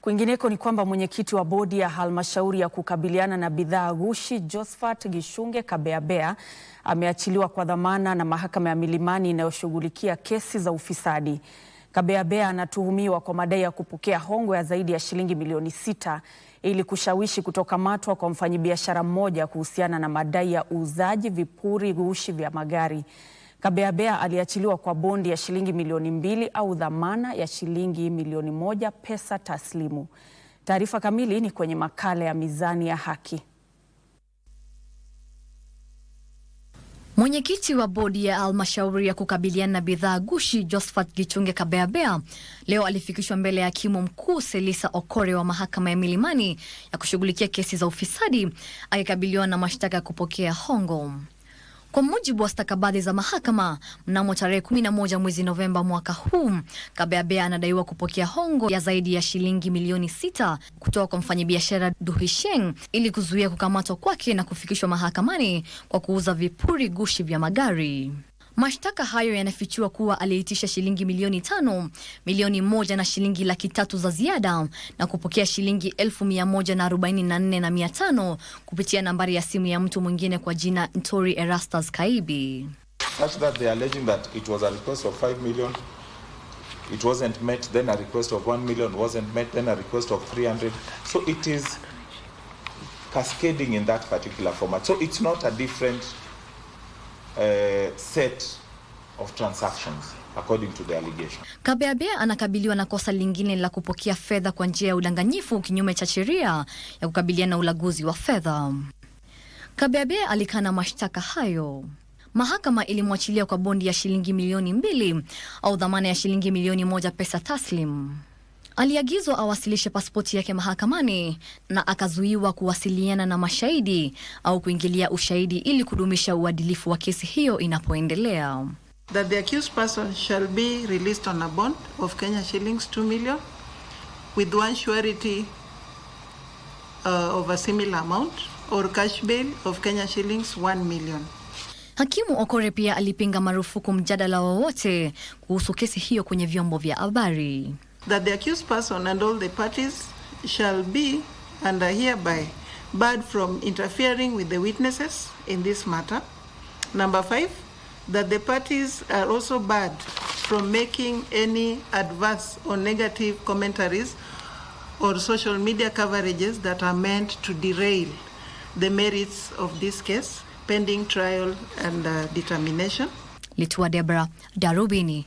Kwingineko ni kwamba mwenyekiti wa bodi ya halmashauri ya kukabiliana na bidhaa ghushi Josphat Gishunge Kabeabea ameachiliwa kwa dhamana na mahakama ya Milimani inayoshughulikia kesi za ufisadi. Kabeabea anatuhumiwa kwa madai ya kupokea hongo ya zaidi ya shilingi milioni sita ili kushawishi kutokamatwa kwa mfanyibiashara mmoja kuhusiana na madai ya uuzaji vipuri ghushi vya magari. Kabeabea aliachiliwa kwa bondi ya shilingi milioni mbili au dhamana ya shilingi milioni moja pesa taslimu. Taarifa kamili ni kwenye makala ya Mizani ya Haki. Mwenyekiti wa bodi ya almashauri ya kukabiliana na bidhaa gushi Josphat Gichunge Kabeabea leo alifikishwa mbele ya hakimu mkuu Selisa Okore wa mahakama ya Milimani ya kushughulikia kesi za ufisadi akikabiliwa na mashtaka ya kupokea hongo. Kwa mujibu wa stakabadhi za mahakama, mnamo tarehe 11 mwezi Novemba mwaka huu, Kabeabea anadaiwa kupokea hongo ya zaidi ya shilingi milioni sita kutoka kwa mfanyabiashara Duhisheng ili kuzuia kukamatwa kwake na kufikishwa mahakamani kwa kuuza vipuri gushi vya magari. Mashtaka hayo yanafichua kuwa aliitisha shilingi milioni tano, milioni moja na shilingi laki tatu za ziada na kupokea shilingi elfu mia moja na arobaini na nne na mia tano kupitia nambari ya simu ya mtu mwingine kwa jina Ntori Erastus Kaibi. So it is cascading in that particular format. So it's not a different uh, set of transactions according to the allegation. Kabeabe anakabiliwa na kosa lingine la kupokea fedha kwa njia ya udanganyifu kinyume cha sheria ya kukabiliana na ulaguzi wa fedha. Kabeabe alikana mashtaka hayo. Mahakama ilimwachilia kwa bondi ya shilingi milioni mbili au dhamana ya shilingi milioni moja pesa taslim. Aliagizwa awasilishe pasipoti yake mahakamani na akazuiwa kuwasiliana na mashahidi au kuingilia ushahidi ili kudumisha uadilifu wa kesi hiyo inapoendelea. That the accused person shall be released on a bond of Kenya shillings 2 million with one surety uh, of a similar amount or cash bail of Kenya shillings 1 million. Hakimu Okore pia alipinga marufuku mjadala wowote kuhusu kesi hiyo kwenye vyombo vya habari that the accused person and all the parties shall be and are hereby barred from interfering with the witnesses in this matter. Number five, that the parties are also barred from making any adverse or negative commentaries or social media coverages that are meant to derail the merits of this case pending trial and uh, determination. Litwa Deborah Darubini.